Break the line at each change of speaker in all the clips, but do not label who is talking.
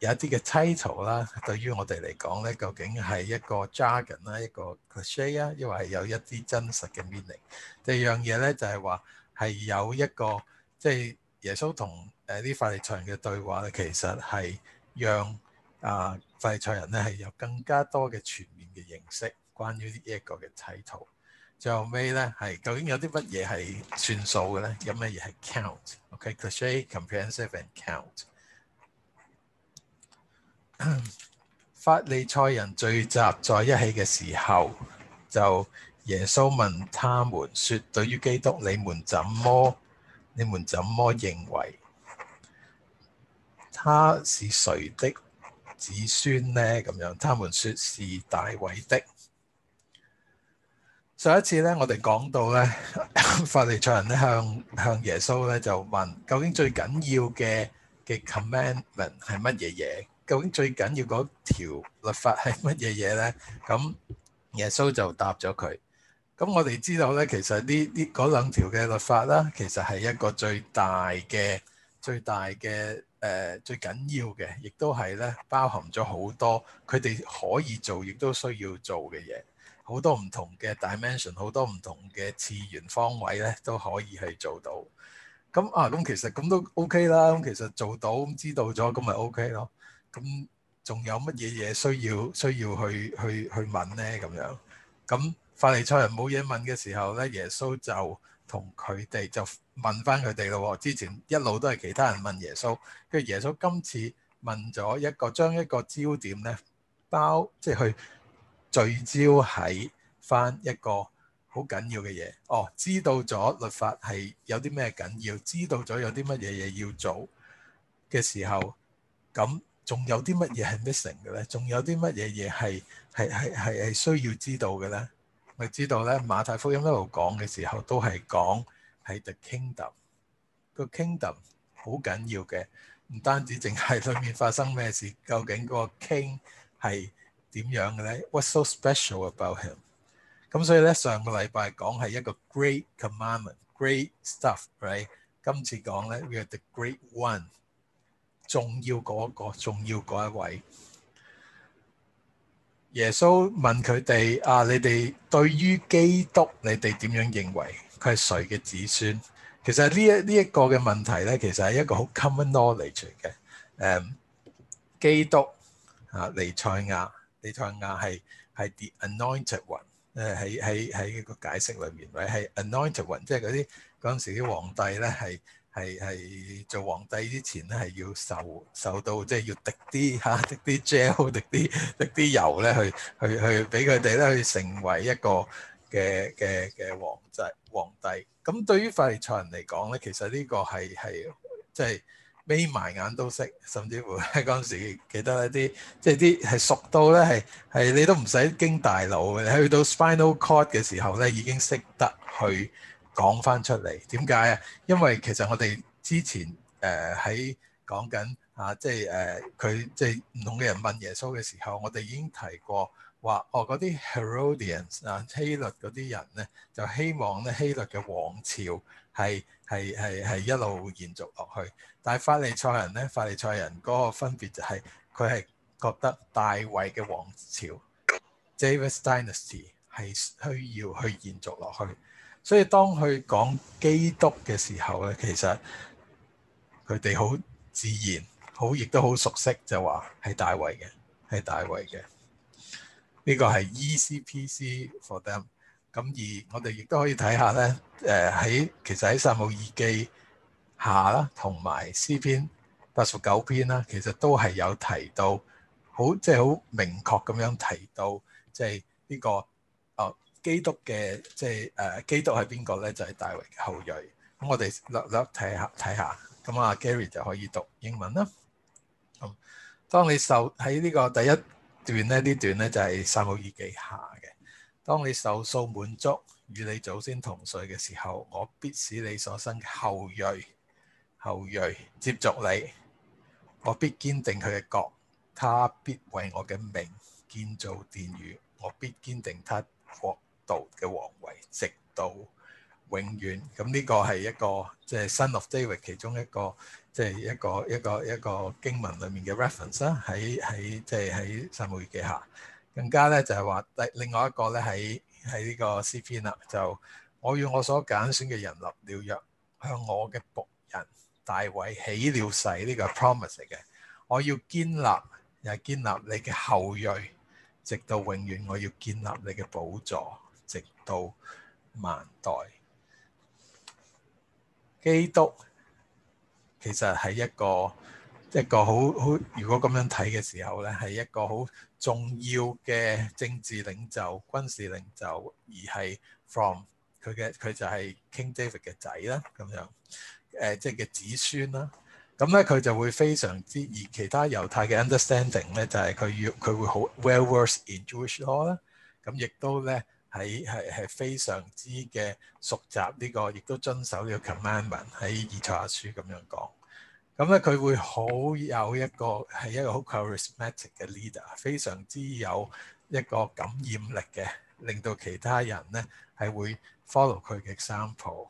有一啲嘅 title 啦，對於我哋嚟講咧，究竟係一個 jargon 啦，一個 cliche 啊，亦或係有一啲真實嘅 meaning。第二樣嘢咧，就係話係有一個即係、就是、耶穌同誒啲法利賽人嘅對話咧，其實係讓啊法利賽人咧係有更加多嘅全面嘅認識，關於呢一個嘅 title。最後尾咧係究竟有啲乜嘢係算數嘅咧？有乜嘢係 count？OK，cliche，comprehensive、okay? and count。法利賽人聚集在一起嘅時候，就耶穌問他們說：對於基督，你們怎麼，你們怎麼認為他是誰的子孫呢？咁樣，他們說是大衛的。上一次咧，我哋講到咧，法利賽人咧向向耶穌咧就問：究竟最緊要嘅嘅 commandment 係乜嘢嘢？究竟最緊要嗰條律法係乜嘢嘢咧？咁耶穌就答咗佢。咁我哋知道咧，其實呢呢嗰兩條嘅律法啦，其實係一個最大嘅、最大嘅誒、呃、最緊要嘅，亦都係咧包含咗好多佢哋可以做，亦都需要做嘅嘢，好多唔同嘅 dimension，好多唔同嘅次元方位咧都可以去做到。咁啊，咁其實咁都 OK 啦。咁其實做到，知道咗咁咪 OK 咯。咁仲有乜嘢嘢需要需要去去去問咧？咁樣咁法利賽人冇嘢問嘅時候咧，耶穌就同佢哋就問翻佢哋咯。之前一路都係其他人問耶穌，跟住耶穌今次問咗一個，將一個焦點咧包，即係去聚焦喺翻一個好緊要嘅嘢，哦，知道咗律法係有啲咩緊要，知道咗有啲乜嘢嘢要做嘅時候，咁仲有啲乜嘢係 missing 嘅咧？仲有啲乜嘢嘢係係係係需要知道嘅咧？我知道咧？馬太福音一路講嘅時候都係講係 the kingdom，個 kingdom 好緊要嘅，唔單止淨係裡面發生咩事，究竟個 king 係點樣嘅咧？What's so special about him？咁所以咧，上個禮拜講係一個 Great Commandment，Great Stuff，right？今次講咧，the great one，重要嗰一個，重要嗰一位。耶穌問佢哋啊，你哋對於基督，你哋點樣認為？佢係誰嘅子孫？其實呢一呢一個嘅問題咧，其實係一個好 common knowledge 嘅，誒基督啊，彌賽亞，彌賽亞係係 the anointed one。誒喺喺喺個解釋裏面，或者係 anointed one，即係嗰啲嗰陣時啲皇帝咧，係係係做皇帝之前咧，係要受受到，即係要滴啲嚇、啊、滴啲 gel，滴啲滴啲油咧，去去去俾佢哋咧，去成為一個嘅嘅嘅皇帝皇帝。咁對於法利賽人嚟講咧，其實呢個係係即係。眯埋眼都識，甚至乎喺嗰陣時記得一啲，即係啲係熟到咧，係係你都唔使經大腦，你去到 spinal cord 嘅時候咧，已經識得去講翻出嚟。點解啊？因為其實我哋之前誒喺、呃、講緊啊，即係誒佢即係唔同嘅人問耶穌嘅時候，我哋已經提過話，哦嗰啲 Herodians 啊希律嗰啲人咧，就希望咧，希律嘅王朝。係係係係一路延續落去，但係法利賽人咧，法利賽人嗰個分別就係佢係覺得大衛嘅王朝 David, Dynasty 係需要去延續落去，所以當佢講基督嘅時候咧，其實佢哋好自然，好亦都好熟悉就，就話係大衛嘅，係大衛嘅，呢個係 ECPC for them。咁而我哋亦都可以睇下咧，誒喺其實喺撒母耳記下啦，同埋詩篇八十九篇啦，其實都係有提到，好即係好明確咁樣提到，即係呢個哦基督嘅即係誒基督係邊個咧？就係大衛嘅後裔。咁我哋略略睇下睇下，咁阿 Gary 就可以讀英文啦。咁當你受喺呢個第一段咧，呢段咧就係撒母耳記下嘅。當你受數滿足，與你祖先同歲嘅時候，我必使你所生嘅後裔、後裔接續你。我必堅定佢嘅國，他必為我嘅名建造殿宇。我必堅定他國度嘅王位，直到永遠。咁、嗯、呢、這個係一個即係《Son of David 其中一個，即、就、係、是、一個一個一個，一個經文裡面嘅 reference 啦。喺喺即係喺《三部曲》嘅下。更加咧就係話第，另外一個咧，喺喺呢個詩篇啦，就我要我所揀選嘅人立了約，向我嘅僕人大衛起了誓，呢個係 promise 嚟嘅。我要建立，又建立你嘅後裔，直到永遠。我要建立你嘅寶座，直到萬代。基督其實係一個一個好好，如果咁樣睇嘅時候咧，係一個好。重要嘅政治領袖、軍事領袖，而係 from 佢嘅佢就係 King David 嘅仔啦，咁樣誒、呃、即係嘅子孫啦。咁咧佢就會非常之而其他猶太嘅 understanding 咧，就係佢要佢會好 well versed in Jewish law 啦。咁亦都咧喺係係非常之嘅熟習呢、這個，亦都遵守呢個 commandment 喺《以賽亞書》咁樣講。咁咧佢會好有一個係一個好 charismatic 嘅 leader，非常之有一個感染力嘅，令到其他人咧係會 follow 佢嘅 example。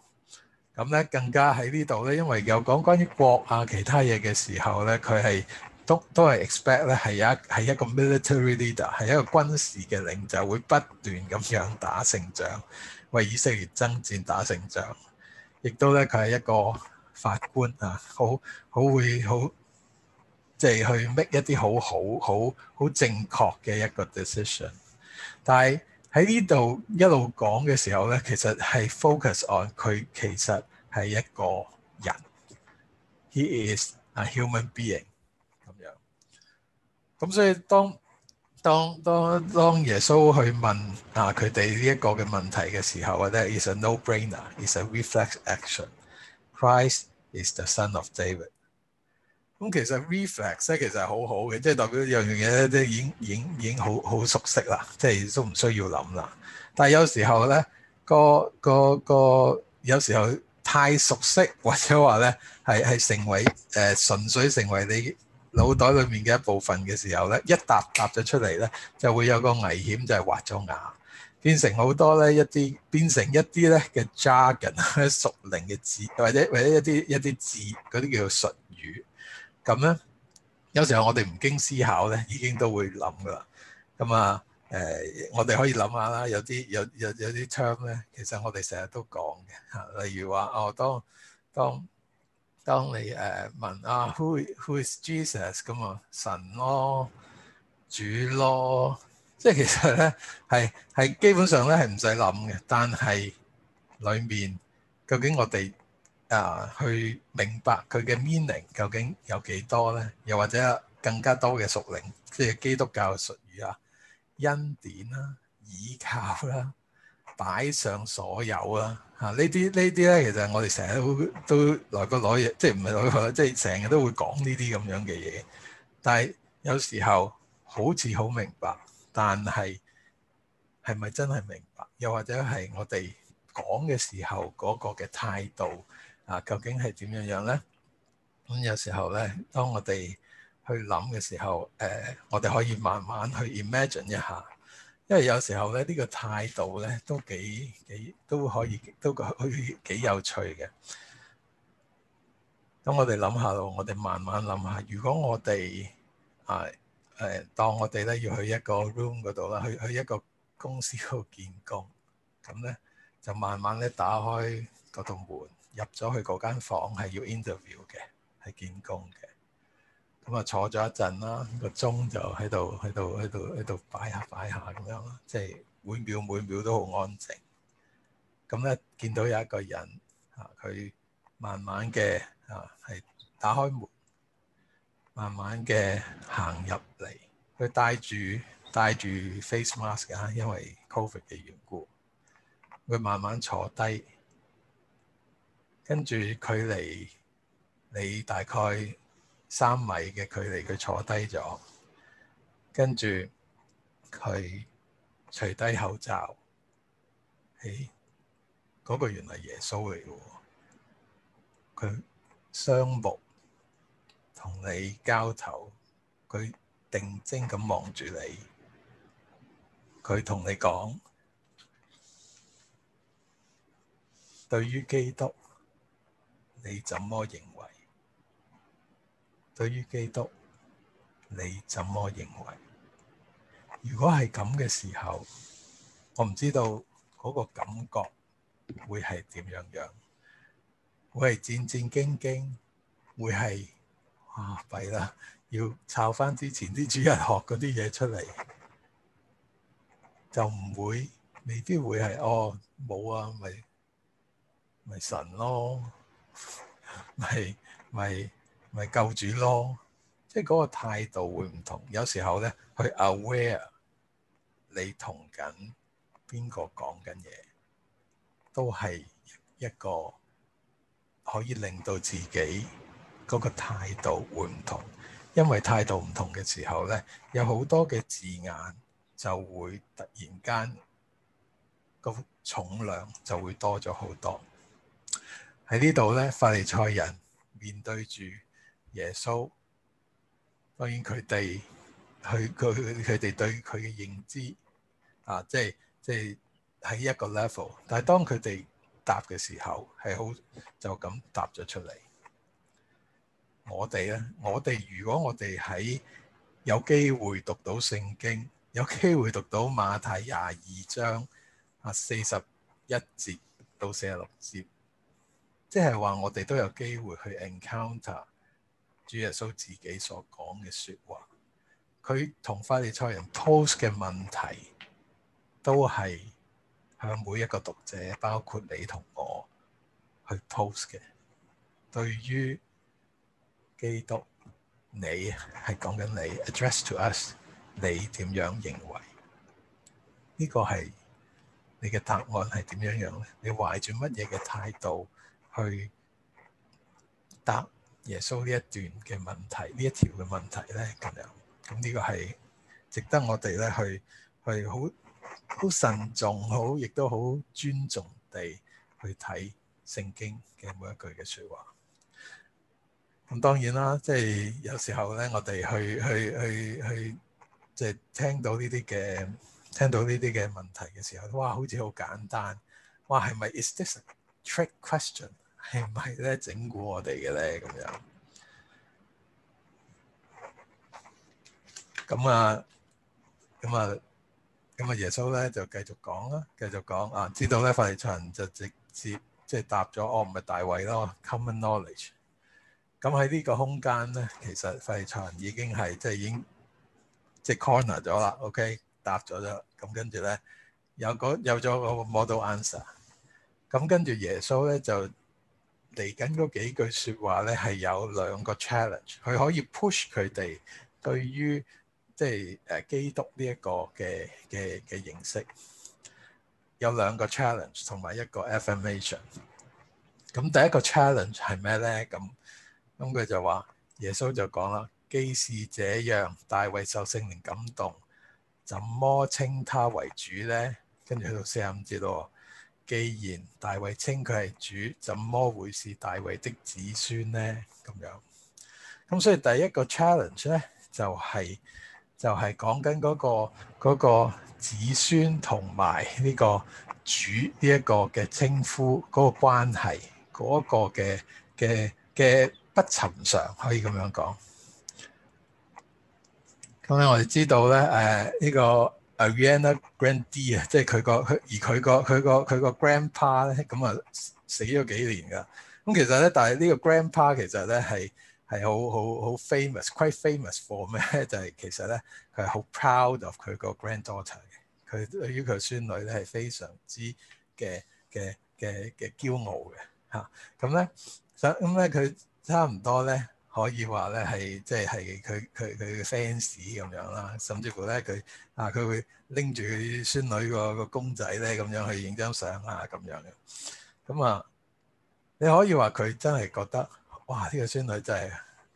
咁咧更加喺呢度咧，因為有講關於國啊其他嘢嘅時候咧，佢係都都係 expect 咧係一係一個 military leader，係一個軍事嘅領袖，會不斷咁樣打勝仗，為以色列爭戰打勝仗，亦都咧佢係一個，法官啊，好好會好，即係去 make 一啲好好好好正確嘅一個 decision。但係喺呢度一路講嘅時候咧，其實係 focus on 佢其實係一個人，he is a human being 咁樣，咁所以當當當當耶穌去問啊佢哋呢一個嘅問題嘅時候，或者 is a no-brainer, is a reflex action。Christ is the son of David、嗯。咁其實 reflex 咧其實係好好嘅，即係代表一樣嘢咧都已經已經已經好好熟悉啦，即係都唔需要諗啦。但係有時候咧個個個有時候太熟悉或者話咧係係成為誒純、呃、粹成為你腦袋裡面嘅一部分嘅時候咧，一搭搭咗出嚟咧就會有個危險就係滑咗牙。變成好多咧一啲變成一啲咧嘅 jargon 屬靈嘅字或者或者一啲一啲字嗰啲叫做術語咁咧有時候我哋唔經思考咧已經都會諗噶啦咁啊誒、呃、我哋可以諗下啦有啲有有有啲 term 咧其實我哋成日都講嘅嚇例如話哦當當當你誒問啊 who who is Jesus 咁啊神咯主咯即係其實咧，係係基本上咧係唔使諗嘅。但係裡面究竟我哋啊、呃、去明白佢嘅 meaning 究竟有幾多咧？又或者更加多嘅屬靈，即係基督教術語啊，恩典啦、啊、倚靠啦、啊、擺上所有啦、啊、嚇。啊、呢啲呢啲咧，其實我哋成日都都來個攞嘢，即係唔係攞即係成日都會講呢啲咁樣嘅嘢。但係有時候好似好明白。但係係咪真係明白？又或者係我哋講嘅時候嗰個嘅態度啊，究竟係點樣樣呢？咁、嗯、有時候呢，當我哋去諗嘅時候，誒、呃，我哋可以慢慢去 imagine 一下，因為有時候呢，呢、呢個態度呢都幾幾都可以，都幾有趣嘅。咁我哋諗下咯，我哋慢慢諗下。如果我哋係。啊誒當我哋咧要去一個 room 嗰度啦，去去一個公司嗰度見工，咁咧就慢慢咧打開嗰道門，入咗去嗰間房係要 interview 嘅，係見工嘅。咁啊坐咗一陣啦，個鐘就喺度喺度喺度喺度擺下擺下咁樣啦，即係每秒每秒都好安靜。咁咧見到有一個人啊，佢慢慢嘅啊係打開門。慢慢嘅行入嚟，佢戴住戴住 face mask 啊，因為 Covid 嘅緣故。佢慢慢坐低，跟住距離你大概三米嘅距離，佢坐低咗，跟住佢除低口罩，誒、哎，嗰、那個原來耶穌嚟嘅喎，佢雙目。同你交頭，佢定睛咁望住你，佢同你講：對於基督，你怎麼認為？對於基督，你怎麼認為？如果係咁嘅時候，我唔知道嗰個感覺會係點樣樣，會係戰戰兢兢，會係？啊，弊啦！要抄翻之前啲主人學嗰啲嘢出嚟，就唔會，未必會係哦，冇啊，咪咪神咯，咪咪咪救主咯，即係嗰個態度會唔同。有時候咧，去 aware 你同緊邊個講緊嘢，都係一個可以令到自己。嗰個態度會唔同，因為態度唔同嘅時候咧，有好多嘅字眼就會突然間、個重量就會多咗好多。喺呢度咧，法利賽人面對住耶穌，當然佢哋佢佢佢哋對佢嘅認知啊，即係即係喺一個 level。但係當佢哋答嘅時候，係好就咁答咗出嚟。我哋咧，我哋如果我哋喺有機會讀到聖經，有機會讀到馬太廿二章啊四十一節到四十六節，即係話我哋都有機會去 encounter 主耶穌自己所講嘅說話，佢同法利賽人 pose 嘅問題都係向每一個讀者，包括你同我，去 pose 嘅。對於。基督，你係講緊你 address to us，你點樣認為呢個係你嘅答案係點樣樣咧？你懷住乜嘢嘅態度去答耶穌呢一段嘅問題，呢一條嘅問題咧？咁樣咁呢個係值得我哋咧去去好好慎重，好亦都好尊重地去睇聖經嘅每一句嘅說話。咁當然啦，即係有時候咧，我哋去去去去，即係聽到呢啲嘅聽到呢啲嘅問題嘅時候，哇，好似好簡單，哇，係咪？Is this a trick question？係咪咧整蠱我哋嘅咧咁樣？咁啊，咁啊，咁啊，耶穌咧就繼續講啦，繼續講啊，知道咧法利賽人就直接即係答咗，我唔係大衛咯，common knowledge。咁喺呢個空間咧，其實廢材已經係即係已經即係 corner 咗啦。OK，答咗啦，咁跟住咧有個有咗個 model answer。咁跟住耶穌咧就嚟緊嗰幾句説話咧係有兩個 challenge，佢可以 push 佢哋對於即係誒基督呢一個嘅嘅嘅認識有兩個 challenge 同埋一個 affirmation。咁第一個 challenge 係咩咧？咁咁佢就話「耶穌就講啦，既是這樣，大衛受聖靈感動，怎麼稱他為主呢？跟住去到四十五節咯，既然大衛稱佢係主，怎麼會是大衛的子孫呢？」咁樣，咁所以第一個 challenge 咧，就係就係講緊嗰個嗰個子孫同埋呢個主呢一個嘅稱呼嗰個關係嗰個嘅嘅嘅。不尋常可以咁樣講。咁、嗯、咧，我哋知道咧，誒、uh, 呢，、嗯、呢個 Ariana、就是、Grande 啊，即係佢個佢而佢個佢個佢個 grandpa 咧，咁啊死咗幾年㗎。咁其實咧，但係呢個 grandpa 其實咧係係好好好 famous，quite famous for 咩？就係其實咧，佢係好 proud of 佢個 granddaughter 嘅，佢對於佢孫女咧係非常之嘅嘅嘅嘅驕傲嘅嚇。咁咧咁咧佢。差唔多咧，可以話咧係即係係佢佢佢嘅 fans 咁樣啦，甚至乎咧佢啊佢會拎住佢孫女個公仔咧咁樣去影張相啊咁樣嘅。咁啊，你可以話佢真係覺得哇呢個孫女真係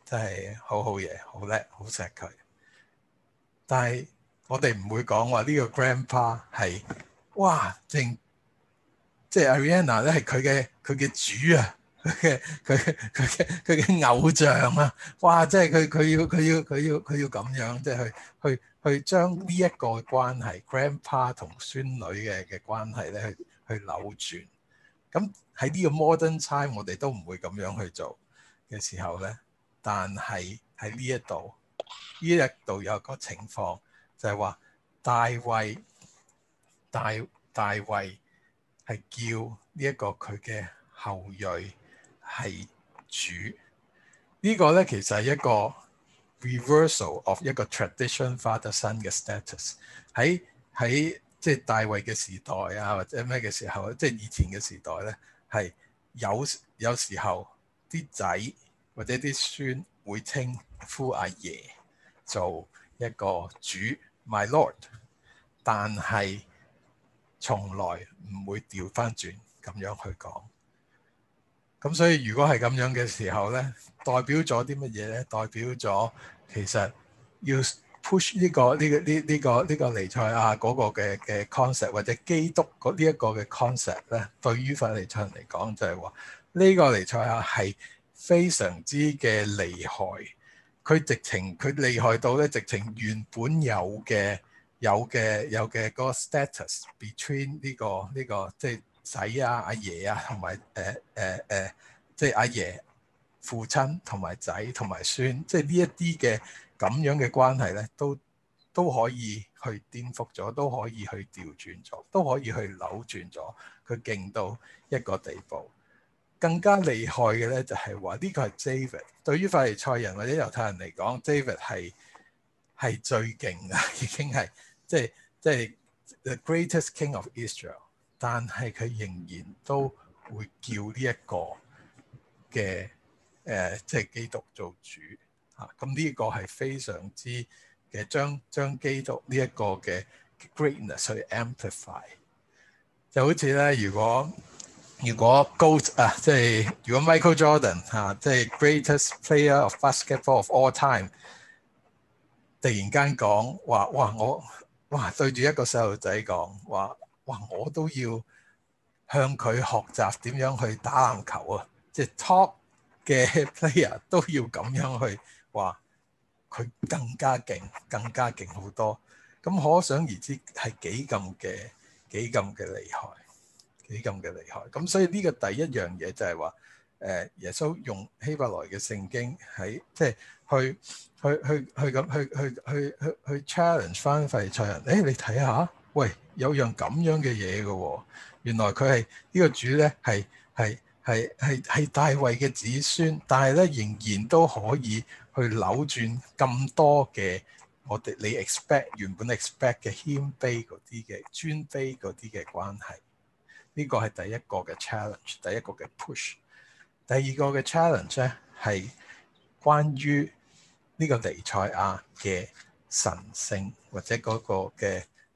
真係好好嘢，好叻，好錫佢。但係我哋唔會講話呢個 grandpa 係哇正，即係 Ariana 咧係佢嘅佢嘅主啊。佢嘅佢佢嘅佢嘅偶像啊！哇，即係佢佢要佢要佢要佢要咁樣，即係去去去將呢一個關係，grandpa 同孫女嘅嘅關係咧，去去扭轉。咁喺呢個 modern time，我哋都唔會咁樣去做嘅時候咧。但係喺呢一度，呢一度有個情況就係話，大衛大大衛係叫呢一個佢嘅後裔。係主、這個、呢個咧，其實係一個 reversal of 一個 tradition father son 嘅 status。喺喺即係大衛嘅時代啊，或者咩嘅時候，即係以前嘅時代咧，係有有時候啲仔或者啲孫會稱呼阿爺做一個主 my lord，但係從來唔會調翻轉咁樣去講。咁所以如果係咁樣嘅時候咧，代表咗啲乜嘢咧？代表咗其實要 push 呢個呢個呢呢個呢個彌賽亞嗰個嘅嘅 concept，或者基督嗰呢一個嘅 concept 咧，對於法利賽人嚟講就係話呢個彌賽亞係非常之嘅厲害，佢直情佢厲害到咧，直情原本有嘅有嘅有嘅嗰個 status between 呢個呢個即係。仔啊，阿爺啊，同埋誒誒誒，即係阿爺、父親同埋仔同埋孫，即係呢一啲嘅咁樣嘅關係咧，都都可以去顛覆咗，都可以去調轉咗，都可以去扭轉咗。佢勁到一個地步，更加厲害嘅咧就係、是、話，呢、這個係 David。對於法利賽人或者猶太人嚟講，David 係係最勁嘅，已經係即係即係 The Greatest King of Israel。但係佢仍然都會叫呢一個嘅誒，即、呃、係、就是、基督做主嚇。咁、啊、呢、這個係非常之嘅將將基督呢一個嘅 greatness 去 amplify，就好似咧，如果如果 Gold 啊，即、就、係、是、如果 Michael Jordan 嚇、啊，即、就、係、是、greatest player of basketball of all time，突然間講話哇，哇我哇對住一個細路仔講話。哇！我都要向佢學習點樣去打籃球啊！即係 top 嘅 player 都要咁樣去，話佢更加勁，更加勁好多。咁可想而知係幾咁嘅，幾咁嘅厲害，幾咁嘅厲害。咁所以呢個第一樣嘢就係話，誒，耶穌用希伯來嘅聖經喺即係去去去去咁去去去去去 challenge 翻法利賽人。誒，你睇下。喂，有樣咁樣嘅嘢嘅喎，原來佢係呢個主咧，係係係係係大衛嘅子孫，但係咧仍然都可以去扭轉咁多嘅我哋你 expect 原本 expect 嘅謙卑嗰啲嘅尊卑嗰啲嘅關係。呢個係第一個嘅 challenge，第一個嘅 push。第二個嘅 challenge 咧係關於呢個尼賽亞嘅神性或者嗰個嘅。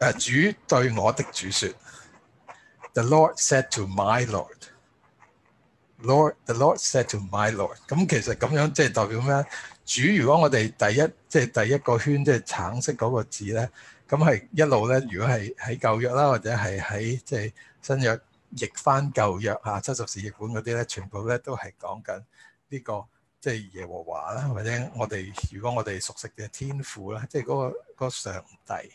誒主對我的主説：The Lord said to my Lord，Lord the Lord said to my Lord, Lord。咁其實咁樣即係代表咩？主如果我哋第一即係、就是、第一個圈，即係橙色嗰個字咧，咁係一路咧。如果係喺舊約啦，或者係喺即係新約譯翻舊約啊，七十士譯本嗰啲咧，全部咧都係講緊呢個即係、就是、耶和華啦，或者我哋如果我哋熟悉嘅天父啦，即係嗰個上帝。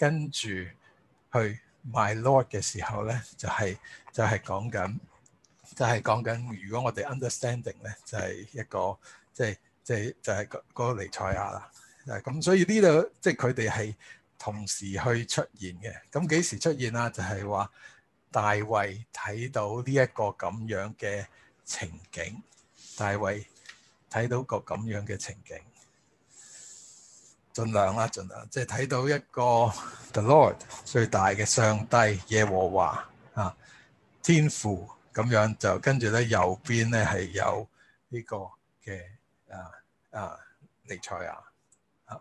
跟住去 my Lord 嘅時候咧，就係、是、就係講緊就係講緊如果我哋 understanding 咧，就係、是、一個即係即係就係、是就是、個個彌賽亞啦。咁所以呢度即係佢哋係同時去出現嘅。咁幾時出現啊？就係、是、話大衛睇到呢一個咁樣嘅情景，大衛睇到個咁樣嘅情景。盡量啦，盡量即係睇到一個 The Lord 最大嘅上帝耶和華啊，天父咁樣，就跟住咧右邊咧，係有呢個嘅啊啊尼賽亞嚇，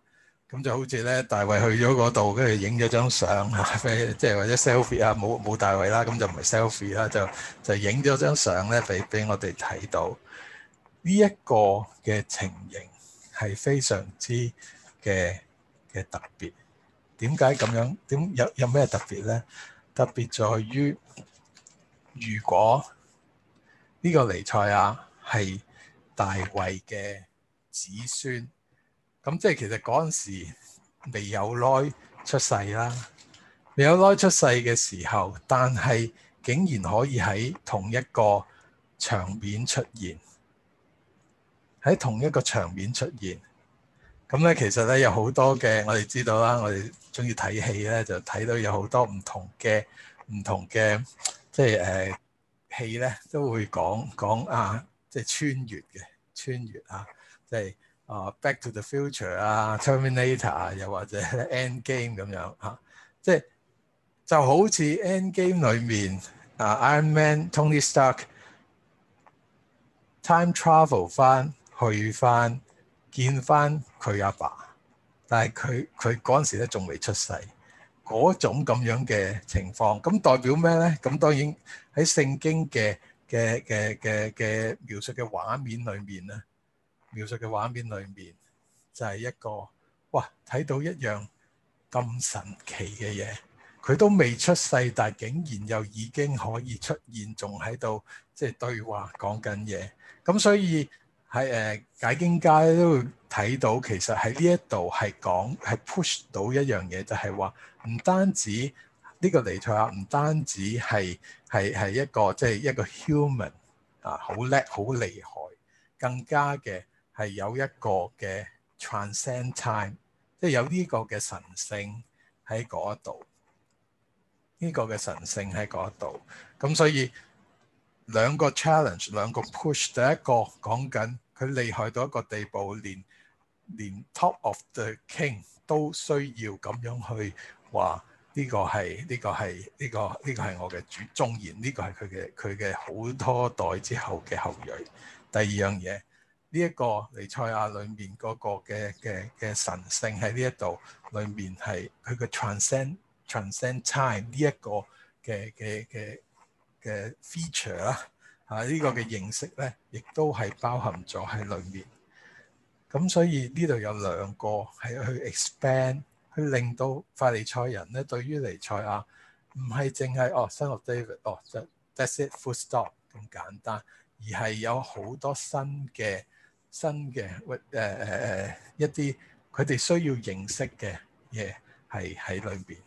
咁就好似咧，大衛去咗嗰度，跟住影咗張相啊，即係或者 selfie 啊，冇冇大衛啦，咁就唔係 selfie 啦，就就影咗張相咧，俾俾我哋睇到呢一個嘅情形係非常之，嘅嘅特別，點解咁樣？點有有咩特別咧？特別在於，如果呢個尼賽亞係大衛嘅子孫，咁即係其實嗰陣時未有耐出世啦，未有耐出世嘅時候，但係竟然可以喺同一個場面出現，喺同一個場面出現。咁咧，其實咧有好多嘅，我哋知道啦。我哋中意睇戲咧，就睇到有好多唔同嘅唔同嘅，即係誒戲咧都會講講啊，即係穿越嘅穿越啊，即係啊《Back to the Future》啊，《Terminator》啊，又或者《End Game》咁樣嚇，即係就好似《End Game》裏面啊，《Iron Man》、《Tony Stark》、《Time Travel》翻去翻見翻。佢阿爸，爸，但係佢佢嗰陣時咧仲未出世，嗰種咁樣嘅情況，咁代表咩咧？咁當然喺聖經嘅嘅嘅嘅嘅描述嘅畫面裏面咧，描述嘅畫面裏面就係一個哇，睇到一樣咁神奇嘅嘢，佢都未出世，但係竟然又已經可以出現，仲喺度即係對話講緊嘢，咁所以。喺誒解經家都會睇到，其實喺呢一度係講係 push 到一樣嘢，就係話唔單止呢個尼采啊，唔單止係係係一個即係一個 human 啊，好叻好厲害，更加嘅係有一個嘅 transcend time，即係有呢個嘅神性喺嗰度，呢個嘅神性喺嗰度，咁所以。兩個 challenge，兩個 push。第一個講緊佢厲害到一個地步，連連 top of the king 都需要咁樣去話呢個係呢個係呢個呢個係我嘅主忠言，呢個係佢嘅佢嘅好多代之後嘅後裔。第二樣嘢，呢一個尼賽亞裡面嗰個嘅嘅嘅神性喺呢一度裡面係佢嘅 transcend transcend time 呢一個嘅嘅嘅。嘅 feature 啦，fe ature，啊呢、呢個嘅認識咧，亦都係包含咗喺裏面。咁所以呢度有兩個係去 expand，去令到法利賽人咧對於彌賽亞，唔係淨係哦 son of David 哦，就 that's it, full stop 咁簡單，而係有好多新嘅新嘅誒誒誒一啲佢哋需要認識嘅嘢係喺裏邊。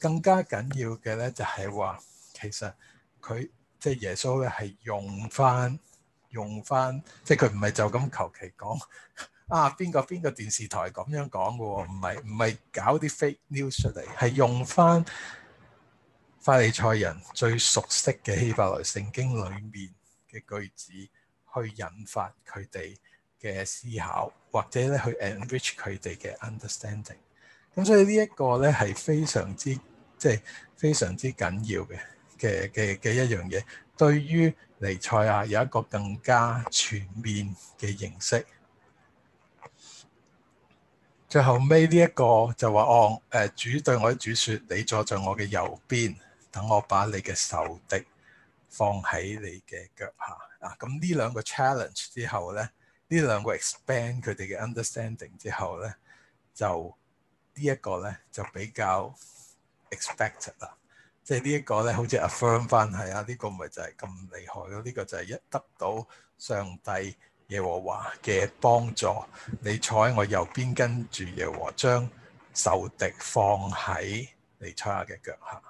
更加緊要嘅咧就係、是、話其實。佢即係耶穌咧，係用翻用翻，即係佢唔係就咁求其講啊！邊個邊個電視台咁樣講嘅喎？唔係唔係搞啲 fake news 出嚟，係用翻法利賽人最熟悉嘅希伯來聖經裏面嘅句子去引發佢哋嘅思考，或者咧去 enrich 佢哋嘅 understanding。咁所以呢一個咧係非常之即係非常之緊要嘅。嘅嘅嘅一樣嘢，對於尼賽亞有一個更加全面嘅認識。最後尾呢一個就話哦，誒、呃、主對我主說，你坐在我嘅右邊，等我把你嘅仇敵放喺你嘅腳下啊！咁呢兩個 challenge 之後咧，呢兩個 expand 佢哋嘅 understanding 之後咧，就、這個、呢一個咧就比較 expected 啦。即係呢一個咧，好似 affirm 翻係啊，呢、這個咪就係咁厲害咯。呢、這個就係一得到上帝耶和華嘅幫助，你坐喺我右邊，跟住耶和華將仇敵放喺你差嘅腳下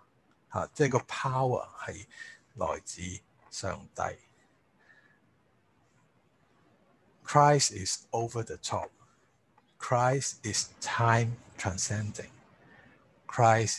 嚇、啊。即係個 power 係來自上帝。Christ is over the top。Christ is time transcending。Trans Christ。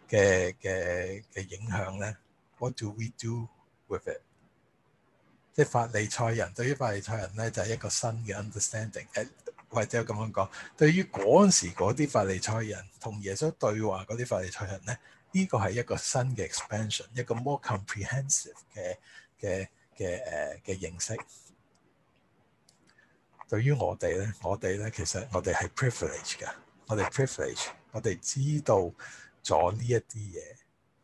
嘅嘅嘅影響咧，What do we do with it？即係法利賽人對於法利賽人咧，就係一個新嘅 understanding。誒，或者我咁樣講，對於嗰陣時嗰啲法利賽人同耶穌對話嗰啲法利賽人咧，呢個係一個新嘅 expansion，一個 more comprehensive 嘅嘅嘅誒嘅認識。對於我哋咧，我哋咧，其實我哋係 privilege 㗎。我哋 privilege，我哋知道咗呢一啲嘢，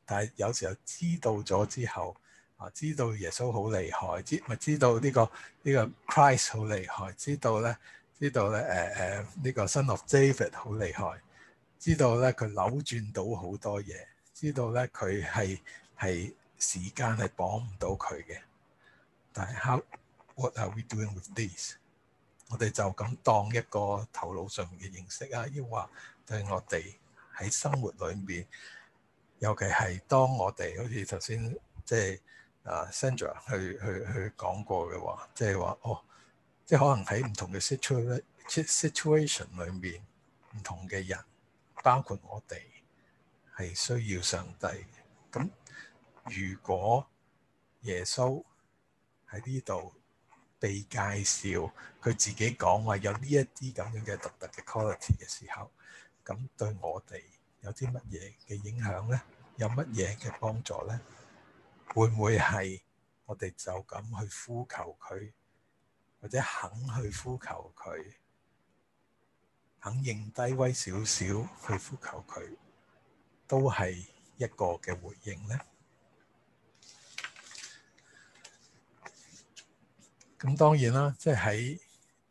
但係有時候知道咗之後，啊，知道耶穌好厲害，知咪知道呢個呢個 Christ 好厲害，知道咧、這個，知道咧，誒誒呢個 Son of David 好厲害，知道咧佢、呃這個、扭轉到好多嘢，知道咧佢係係時間係綁唔到佢嘅。但係 how what are we doing with this？我哋就咁當一個頭腦上面嘅認識啊，抑或對我哋。喺生活裏面，尤其係當我哋好似頭先即係啊 Sandra 去去去講過嘅話，即係話哦，即係可能喺唔同嘅 situation situation 裏面，唔同嘅人，包括我哋係需要上帝。咁如果耶穌喺呢度被介紹，佢自己講話有呢一啲咁樣嘅獨特嘅 quality 嘅時候。咁對我哋有啲乜嘢嘅影響呢？有乜嘢嘅幫助呢？會唔會係我哋就咁去呼求佢，或者肯去呼求佢，肯認低威少少去呼求佢，都係一個嘅回應呢？咁當然啦，即係喺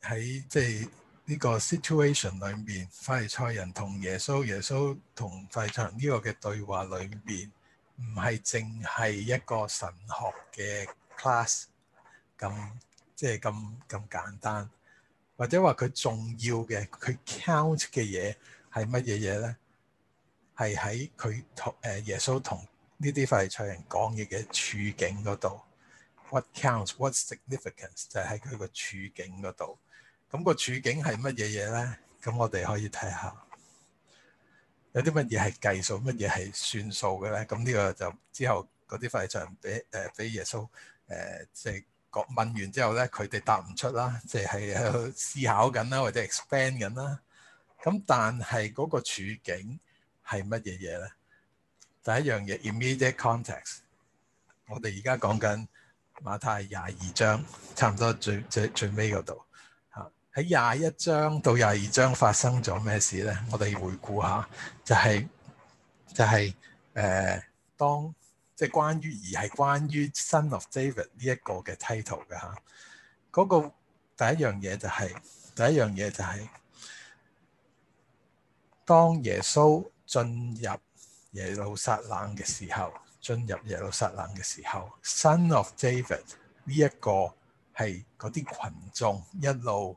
喺即係。呢個 situation 裏面，法利賽人同耶穌，耶穌同法利賽人呢個嘅對話裏面，唔係淨係一個神學嘅 class 咁，即係咁咁簡單。或者話佢重要嘅，佢 count 嘅嘢係乜嘢嘢咧？係喺佢同誒耶穌同呢啲法利賽人講嘢嘅處境嗰度。What counts? What significance？就係喺佢個處境嗰度。咁個處境係乜嘢嘢咧？咁我哋可以睇下，有啲乜嘢係計數，乜嘢係算數嘅咧？咁呢個就之後嗰啲法利賽俾誒俾耶穌誒即係問完之後咧，佢哋答唔出啦，即係喺度思考緊啦，或者 expand 緊啦。咁但係嗰個處境係乜嘢嘢咧？第一樣嘢 immediate context，我哋而家講緊馬太廿二章，差唔多最最最尾嗰度。喺廿一章到廿二章發生咗咩事咧？我哋回顧下，就係、是、就係、是、誒、呃，當即係、就是、關於而係關於 Son of David 呢一個嘅 title 嘅嚇，嗰個第一樣嘢就係、是、第一樣嘢就係、是、當耶穌進入耶路撒冷嘅時候，進入耶路撒冷嘅時候，Son of David 呢一個係嗰啲群眾一路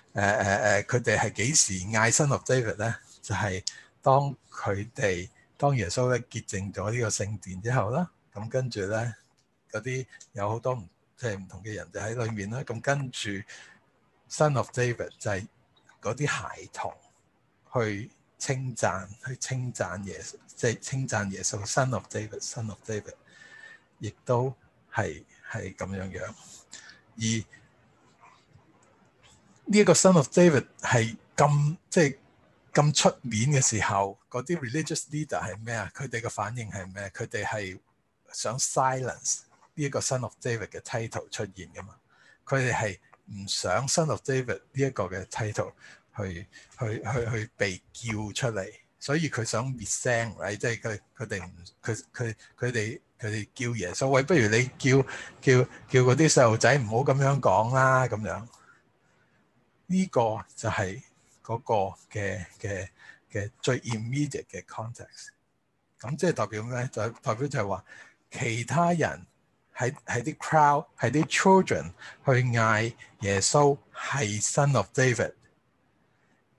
誒誒誒，佢哋係幾時嗌 Son of David 咧？就係、是、當佢哋當耶穌咧潔淨咗呢個聖殿之後啦，咁跟住咧，嗰啲有好多唔即係唔同嘅人就喺裏面啦。咁跟住 Son of David 就係嗰啲孩童去稱讚，去稱讚耶穌，即係稱讚耶穌 Son of David Son of David，亦都係係咁樣樣，而。呢一個 son of David 係咁即係咁出面嘅時候，嗰啲 religious leader 係咩啊？佢哋嘅反應係咩？佢哋係想 silence 呢一個 son of David 嘅 title 出現噶嘛？佢哋係唔想 son of David 呢一個嘅 title 去去去去被叫出嚟，所以佢想滅聲。誒，即係佢佢哋唔佢佢佢哋佢哋叫耶穌喂，所不如你叫叫叫嗰啲細路仔唔好咁樣講啦咁樣。呢個就係個嘅嘅嘅最 immediate 嘅 context 咁即係代表咩？就代表就係話其他人喺喺啲 crowd 喺啲 children 去嗌耶穌係 son of David，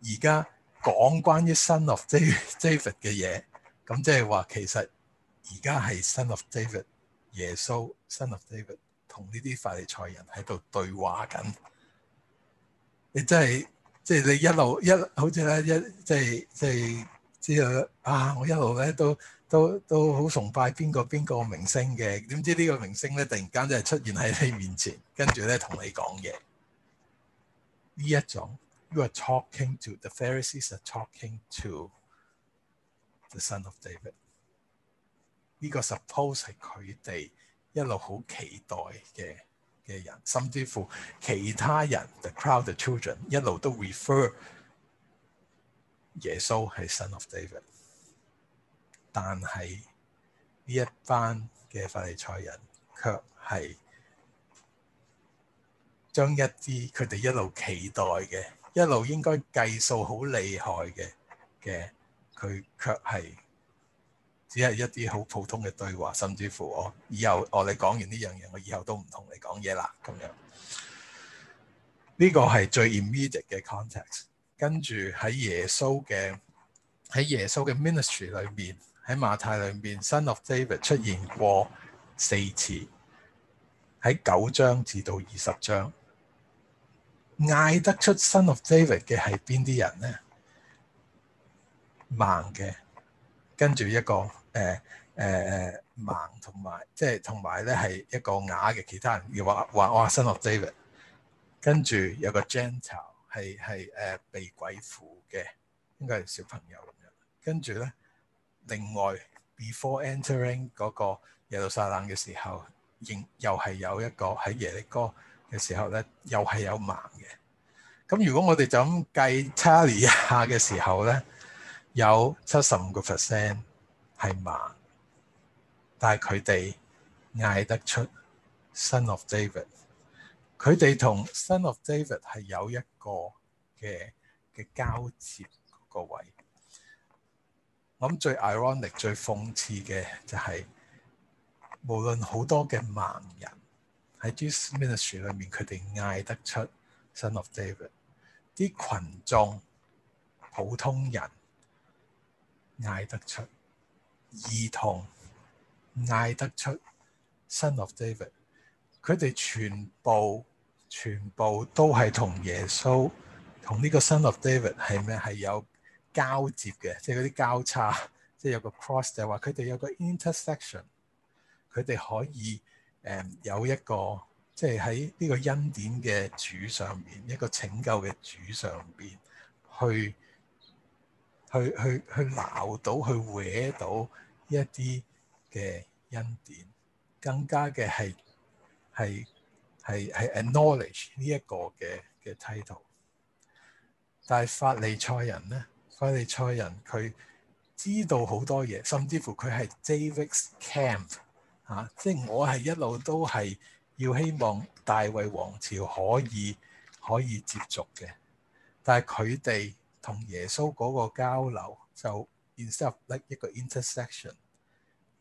而家講關於 son of David 嘅嘢，咁即係話其實而家係 son of David 耶穌 son of David 同呢啲法利賽人喺度對話緊你真係，即係你一路一好似咧一即係即係知道啊！我一路咧都都都好崇拜邊個邊個明星嘅，點知呢個明星咧突然間就係出現喺你面前，跟住咧同你講嘢。呢一種呢個 Talking to the Pharisees are talking to the Son of David。呢個 suppose 係佢哋一路好期待嘅。嘅人，甚至乎其他人，the crowd，the children，一路都 refer 耶穌係 Son of David，但係呢一班嘅法利賽人卻係將一啲佢哋一路期待嘅，一路應該計數好厲害嘅嘅，佢卻係。只係一啲好普通嘅對話，甚至乎我以後我哋講完呢樣嘢，我以後都唔同你講嘢啦。咁樣呢、呢個係最 immediate 嘅 context 跟。跟住喺耶穌嘅喺耶穌嘅 ministry 裏面，喺馬太裏面 Son of David 出現過四次，喺九章至到二十章，嗌得出 Son of David 嘅係邊啲人呢？盲嘅，跟住一個。誒誒誒盲，同埋即係同埋咧，係一個啞嘅其他人，而話話哇，Son of David 跟住有個 Gentile 係係誒、呃、被鬼附嘅，應該係小朋友咁樣。跟住咧，另外 before entering 嗰個耶路撒冷嘅時候，應又係有一個喺耶利哥嘅時候咧，又係有盲嘅。咁如果我哋就咁計查一下嘅時候咧，有七十五個 percent。係盲，但係佢哋嗌得出 Son of David。佢哋同 Son of David 係有一個嘅嘅交接嗰、那個位。我諗最 ironic、最諷刺嘅就係、是，無論好多嘅盲人喺 Jesus ministry 裏面，佢哋嗌得出 Son of David。啲群眾、普通人嗌得出。兒童嗌得出 Son of David，佢哋全部全部都係同耶穌，同呢個 Son of David 係咩？係有交接嘅，即係嗰啲交叉，即係有個 cross 就係話佢哋有個 intersection，佢哋可以誒有一個，即係喺呢個恩典嘅主上面，一個拯救嘅主上邊去。去去去鬧到去搲到一啲嘅恩典，更加嘅係係係係 acknowledge 呢一個嘅嘅 title。但係法利賽人咧，法利賽人佢知道好多嘢，甚至乎佢係 Davidic camp 吓、啊，即、就、係、是、我係一路都係要希望大衛王朝可以可以接續嘅，但係佢哋。同耶穌嗰個交流就，instead of like 一個 intersection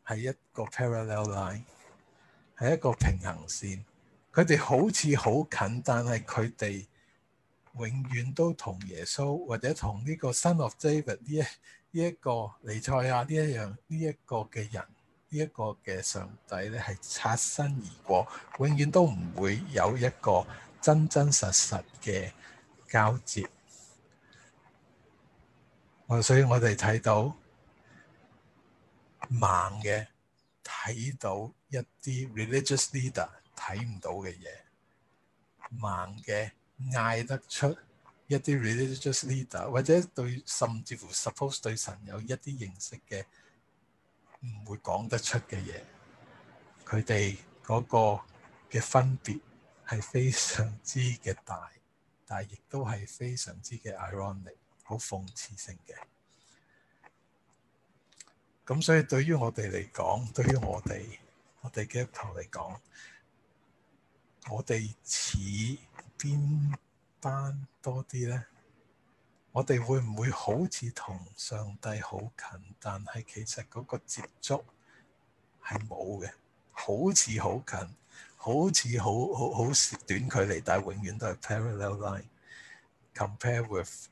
係一個 parallel line 係一個平行線。佢哋好似好近，但係佢哋永遠都同耶穌或者同呢個 son of David 呢、這個、一呢一個彌賽亞呢一樣呢一個嘅人呢一個嘅上帝咧係擦身而過，永遠都唔會有一個真真實實嘅交接。所以我，我哋睇到盲嘅睇到一啲 religious leader 睇唔到嘅嘢，盲嘅嗌得出一啲 religious leader，或者對甚至乎 suppose 對神有一啲認識嘅，唔會講得出嘅嘢，佢哋個嘅分別係非常之嘅大，但係亦都係非常之嘅 ironic。好諷刺性嘅，咁所以對於我哋嚟講，對於我哋我哋基督徒嚟講，我哋似邊班多啲呢？我哋會唔會好似同上帝好近，但係其實嗰個接觸係冇嘅？好似好近，好似好好好短距離，但係永遠都係 parallel line，compare with。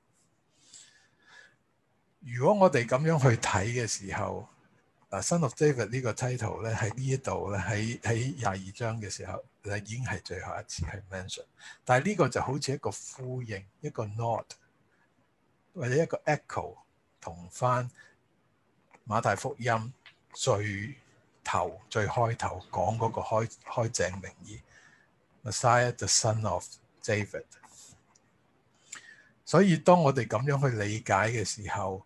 如果我哋咁樣去睇嘅時候，嗱《Son of David》這個、呢個 title 咧，喺呢一度咧，喺喺廿二章嘅時候，就已經係最後一次係 mention。但係呢個就好似一個呼應，一個 nod 或者一個 echo，同翻馬太福音最頭最開頭講嗰個開開正名義，Messiah the Son of David。所以當我哋咁樣去理解嘅時候，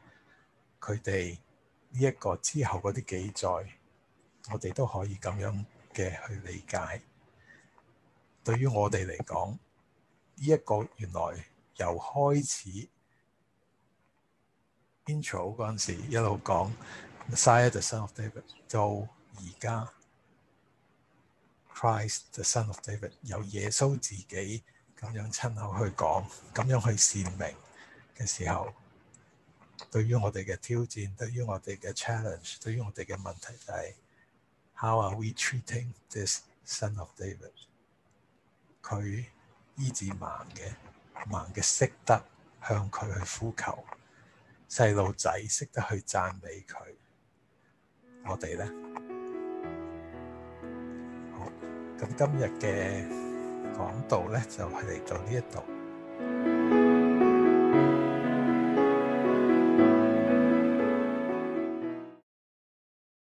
佢哋呢一個之後嗰啲記載，我哋都可以咁樣嘅去理解。對於我哋嚟講，呢、這、一個原來由開始 intro 嗰陣時一路講 Messiah the Son of David，到而家 Christ the Son of David，由耶穌自己咁樣親口去講，咁樣去闡明嘅時候。對於我哋嘅挑戰，對於我哋嘅 challenge，對於我哋嘅問題，就係：How are we treating this son of David？佢醫治盲嘅盲嘅，識得向佢去呼求，細路仔識得去讚美佢。我哋咧，好咁今日嘅講道咧，就係嚟到呢一度。